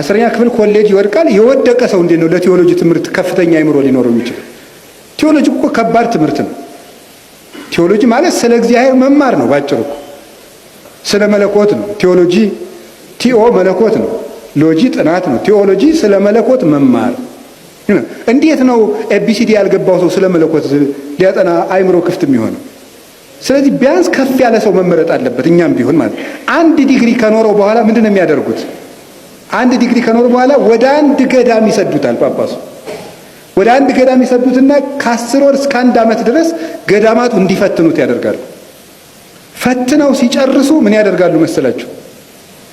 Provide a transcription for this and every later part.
አስረኛ ክፍል ኮሌጅ ይወድቃል። የወደቀ ሰው እንዴት ነው ለቴዎሎጂ ትምህርት ከፍተኛ አይምሮ ሊኖረው የሚችል? ቴዎሎጂ እኮ ከባድ ትምህርት ነው። ቴዎሎጂ ማለት ስለ እግዚአብሔር መማር ነው ባጭሩ። ስለ መለኮት ነው ቴዎሎጂ። ቲኦ መለኮት ነው፣ ሎጂ ጥናት ነው። ቴዎሎጂ ስለ መለኮት መማር። እንዴት ነው ኤቢሲዲ ያልገባው ሰው ስለ መለኮት ሊያጠና አይምሮ ክፍት የሚሆነው? ስለዚህ ቢያንስ ከፍ ያለ ሰው መመረጥ አለበት። እኛም ቢሆን ማለት አንድ ዲግሪ ከኖረው በኋላ ምንድን ነው የሚያደርጉት? አንድ ዲግሪ ከኖር በኋላ ወደ አንድ ገዳም ይሰዱታል ጳጳሱ። ወደ አንድ ገዳም ይሰዱትና ከአስር ወር እስከ አንድ ዓመት ድረስ ገዳማቱ እንዲፈትኑት ያደርጋሉ። ፈትነው ሲጨርሱ ምን ያደርጋሉ መሰላችሁ?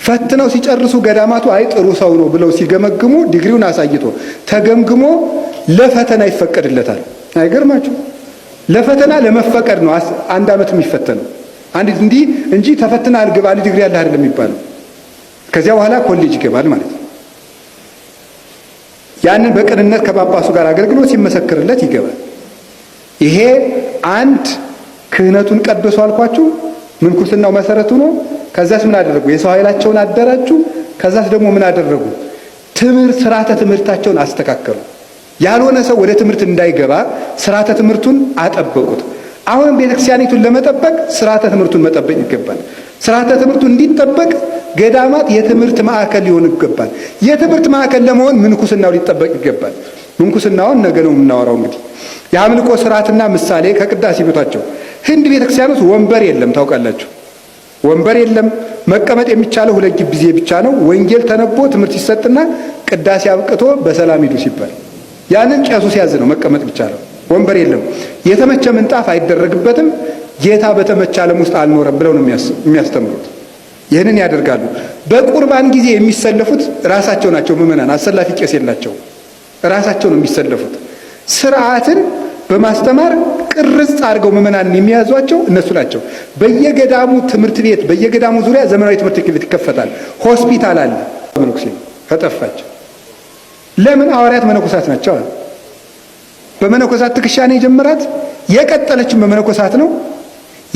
ፈትነው ሲጨርሱ ገዳማቱ አይ ጥሩ ሰው ነው ብለው ሲገመግሙ ዲግሪውን አሳይቶ ተገምግሞ ለፈተና ይፈቀድለታል። አይገርማችሁ? ለፈተና ለመፈቀድ ነው አንድ ዓመት የሚፈተነው አንድ እንዲህ እንጂ ተፈትና አልግብ ዲግሪ ያለ አይደለም የሚባለው። ከዚያ በኋላ ኮሌጅ ይገባል ማለት ነው። ያንን በቅንነት ከጳጳሱ ጋር አገልግሎት ሲመሰክርለት ይገባል። ይሄ አንድ ክህነቱን ቀድሶ አልኳችሁ ምንኩስናው መሰረቱ ነው። ከዛስ ምን አደረጉ? የሰው ኃይላቸውን አደራጁ። ከዛስ ደግሞ ምን አደረጉ? ትምህርት ስርዓተ ትምህርታቸውን አስተካከሉ። ያልሆነ ሰው ወደ ትምህርት እንዳይገባ ስርዓተ ትምህርቱን አጠበቁት። አሁንም ቤተክርስቲያኒቱን ለመጠበቅ ስርዓተ ትምህርቱን መጠበቅ ይገባል። ስርዓተ ትምህርቱ እንዲጠበቅ ገዳማት የትምህርት ማዕከል ሊሆን ይገባል። የትምህርት ማዕከል ለመሆን ምንኩስናው ሊጠበቅ ይገባል። ምንኩስናውን ነገ ነው የምናወራው። እንግዲህ የአምልኮ ስርዓትና ምሳሌ ከቅዳሴ ቤታቸው ህንድ ቤተክርስቲያን ውስጥ ወንበር የለም ታውቃላችሁ። ወንበር የለም። መቀመጥ የሚቻለው ሁለት ጊዜ ብቻ ነው። ወንጌል ተነቦ ትምህርት ሲሰጥና ቅዳሴ አብቅቶ በሰላም ሂዱ ሲባል ያንን ቄሱ ሲያዝ ነው መቀመጥ ነው። ወንበር የለም። የተመቸ ምንጣፍ አይደረግበትም። ጌታ በተመቸ ዓለም ውስጥ አልኖረም ብለው ነው የሚያስተምሩት። ይህንን ያደርጋሉ። በቁርባን ጊዜ የሚሰለፉት ራሳቸው ናቸው። ምእመናን አሰላፊ ቄስ የላቸው፣ ራሳቸው ነው የሚሰለፉት። ስርዓትን በማስተማር ቅርጽ አድርገው ምእመናንን የሚያዟቸው እነሱ ናቸው። በየገዳሙ ትምህርት ቤት፣ በየገዳሙ ዙሪያ ዘመናዊ ትምህርት ቤት ይከፈታል። ሆስፒታል አለ። መነኩሴ ተጠፋቸው። ለምን? ሐዋርያት መነኮሳት ናቸው አለ። በመነኮሳት ትከሻኔ የጀመራት የቀጠለችን በመነኮሳት ነው።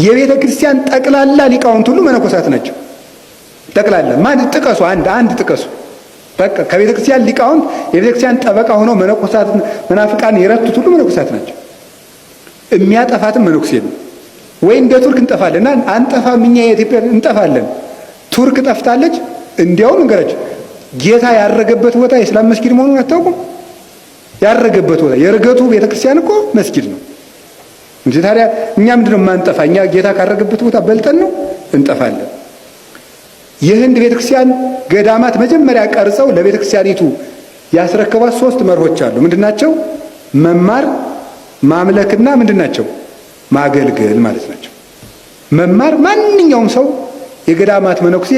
የቤተ ክርስቲያን ጠቅላላ ሊቃውንት ሁሉ መነኮሳት ናቸው። ጠቅላላ ማን ጥቀሱ? አንድ አንድ ጥቀሱ። በቃ ከቤተ ክርስቲያን ሊቃውንት የቤተ ክርስቲያን ጠበቃ ሆኖ መነኮሳት መናፍቃን የረቱት ሁሉ መነኮሳት ናቸው። የሚያጠፋትም መነኩሴ ነው ወይ እንደ ቱርክ እንጠፋለን እና አንጠፋ እኛ የኢትዮጵያ እንጠፋለን። ቱርክ ጠፍታለች። እንዲያውም እንገራችሁ ጌታ ያረገበት ቦታ የእስላም መስጊድ መሆኑን አታውቁም? ያረገበት ቦታ የርገቱ ቤተ ክርስቲያን እኮ መስጊድ ነው እንጂ ታዲያ እኛ ምንድነው የማንጠፋ? እኛ ጌታ ካረገበት ቦታ በልጠን ነው እንጠፋለን። የህንድ ቤተክርስቲያን ገዳማት መጀመሪያ ቀርጸው ለቤተክርስቲያኒቱ ያስረከቧት ሶስት መርሆች አሉ። ምንድናቸው? መማር፣ ማምለክና ምንድናቸው? ማገልገል ማለት ናቸው። መማር ማንኛውም ሰው የገዳማት መነኩሴ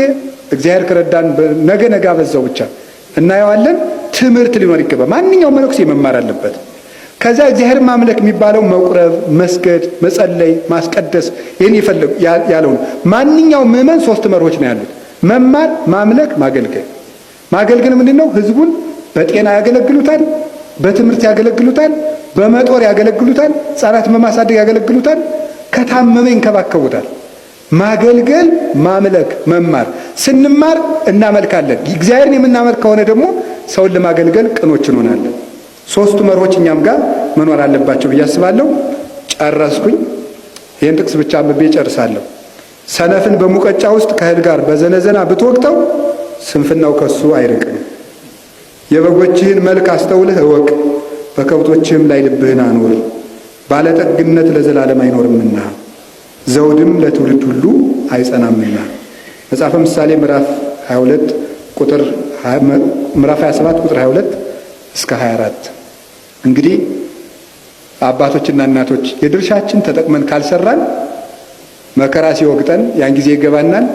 እግዚአብሔር ከረዳን ነገ ነጋ አበዛው ብቻ እናየዋለን። ትምህርት ሊኖር ይገባል። ማንኛውም መነኩሴ መማር አለበት። ከዛ እግዚአብሔር ማምለክ የሚባለው መቁረብ፣ መስገድ፣ መጸለይ፣ ማስቀደስ ይህን ያለው ነው። ማንኛውም ምዕመን ሶስት መርሆች ነው ያሉት። መማር፣ ማምለክ፣ ማገልገል። ማገልገል ምንድን ነው? ህዝቡን በጤና ያገለግሉታል፣ በትምህርት ያገለግሉታል፣ በመጦር ያገለግሉታል፣ ህጻናትን በማሳደግ ያገለግሉታል፣ ከታመመ ይንከባከቡታል። ማገልገል፣ ማምለክ፣ መማር። ስንማር እናመልካለን። እግዚአብሔርን የምናመልክ ከሆነ ደግሞ ሰውን ለማገልገል ቅኖች እንሆናለን። ሶስቱ መርሆች እኛም ጋር መኖር አለባቸው ብዬ አስባለሁ። ጨረስኩኝ። ይህን ጥቅስ ብቻ አንብቤ ጨርሳለሁ። ሰነፍን በሙቀጫ ውስጥ ከእህል ጋር በዘነዘና ብትወቅተው ስንፍናው ከሱ አይርቅም። የበጎችህን መልክ አስተውልህ እወቅ፣ በከብቶችህም ላይ ልብህን አኑር። ባለጠግነት ለዘላለም አይኖርምና ዘውድም ለትውልድ ሁሉ አይጸናምና። መጽሐፈ ምሳሌ ምዕራፍ 22 ቁጥር ምዕራፍ 27 ቁጥር 22 እስከ 24። እንግዲህ አባቶችና እናቶች የድርሻችን ተጠቅመን ካልሰራን መከራ ሲወቅጠን ያን ጊዜ ይገባናል።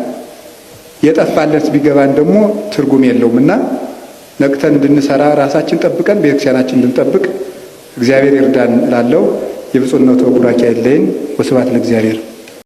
የጠፋለት ቢገባን ደግሞ ትርጉም የለውም እና ነቅተን እንድንሰራ ራሳችን ጠብቀን ቤተክርስቲያናችን እንድንጠብቅ እግዚአብሔር ይርዳን ላለው የብፁዕነቱ ቡራኪ አይለይን። ወስብሐት ለእግዚአብሔር።